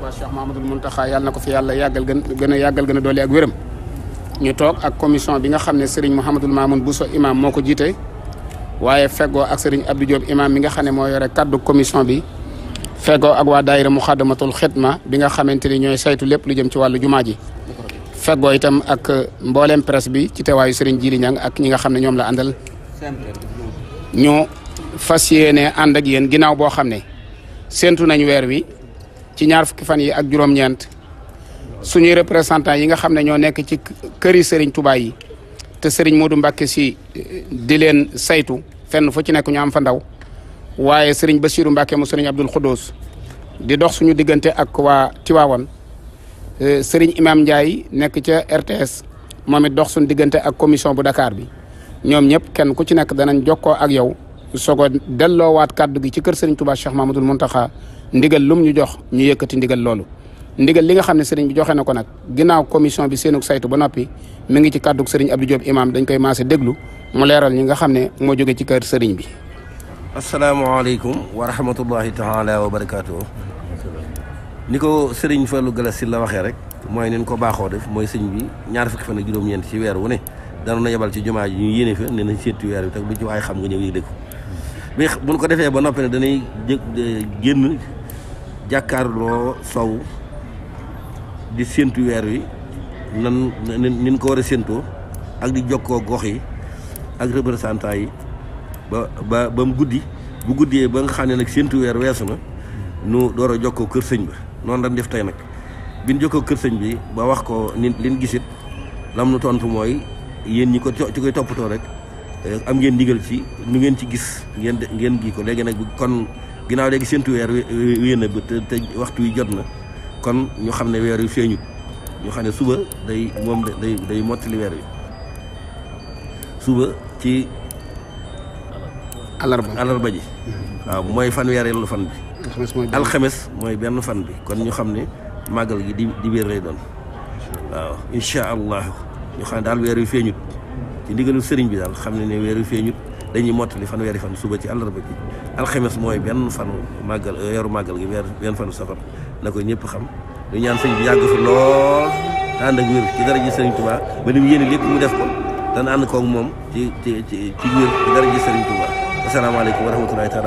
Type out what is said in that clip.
Touba Cheikh Mahamadoul Mountakha yàlla na ko fi yàlla yàggal gën gën a yàggal gëna a doole ak wéram ñu toog ak commission bi nga xam ne Serigne Mouhamadul Mamoun Bousso imam moo ko jiite waaye feggoo ak Serigne Abdou Diop imam mi nga xam ne moo yore kàddu commission bi feggoo ak waa daayira Muxaddamatul Xidma bi nga xamante ni ñooy saytu lépp lu jëm ci wàllu jumaa ji feggoo itam ak mboolem presse bi ci teewaayu Serigne Jili ak ñi nga xam ne ñoom la àndal ñu fas yéene ànd ak yéen ginnaaw boo xam ne séentu nañ weer wi ci ñaar fukki fan yi ak juróom-ñeent suñuy représentant yi nga xam ne ñoo nekk ci këri Serigne Touba yi te Serigne Modou Mbacké si eh, di leen saytu fenn fu ci nekk ñu am fa ndaw waaye Serigne Bassirou Mbacké mu Serigne Abdoul Khoudous di dox suñu diggante ak waa Tiwaawan eh, sëriñ Imam Ndiaye nekk ca RTS moom it dox suñu diggante ak commission bu Dakar bi ñoom ñëpp kenn ku ci nekk danañ jokkoo ak yow soog a delloowaat kàddu gi ci kër Serigne Touba Cheikh Mahmadul Muntaxa ndigal lum ñu jox ñu yëkkati ndigal loolu ndigal li nga xam ne sëriñ bi joxe na ko nag ginnaaw commission bi seenug saytu ba noppi mi ngi ci kaddu sëriñ Abdou Diop imam dañ koy maase déglu mu leeral ñi nga xam ne moo jóge ci kër sëriñ bi asalaamaaleykum wa rahmatullahi taala wa barakaatu ni ko sëriñ Fallou Galassi la waxee rek mooy nin ko baaxoo def mooy sëñ bi ñaar fukki fan ak juróom-ñeent ci weer wu ne dana na yebal ci jumaa ji ñu yéene fa ne nañ seetu weer bi teg lu xam nga ñëw yëg bi buñ ko defee ba noppi ne danay génn jàkkaarloo sow di séentu weer wi nan nin ko war a séentoo ak di jokkoo gox yi ak représentant yi ba ba ba mu guddi bu guddee ba nga xam ne nag séentu weer weesu na nu door a jokkoo kër sëñ ba noonu lañ def tey nag bi ñu jokkoo kër sëñ bi ba wax ko ni liñ gisit lam nu tontu mooy yéen ñi ko ci koy toppatoo rek Eh, am ngeen ndigal ci nu ngeen ci gis ngeen ngeen gi ko léegi nag kon ginnaaw léegi sentu weer wéy na te te waxtu yi jot kon ñu xam ne weer yu feeñut ñu xam ne suba day moom day day li weer wi suba ci alarba alarba ji waaw mooy fan weereelu fan bi alxames mooy benn fan bi kon ñu xam ne màggal gi di di biir lay doon waaw insha allah ñu xam ne daal yu feeñut ci ndigalu sëriñ bi daal xam ne ne weeru feeñut dañuy mottali fan weeri fan suba ci àllarba ji alxames mooy benn fanu màggal euh, weeru màggal gi weer benn fanu safar na ko ñëpp xam ñu ñaan sëñ bi yàgg fi lool te ànd ak wér ci dara ji sëriñ Tuubaa ba li mu yéene lépp mu def ko dana ànd koog moom ci ci ci wér ci dara ji sëriñ Tuubaa asalaamaaleykum wa rahmatullahi taala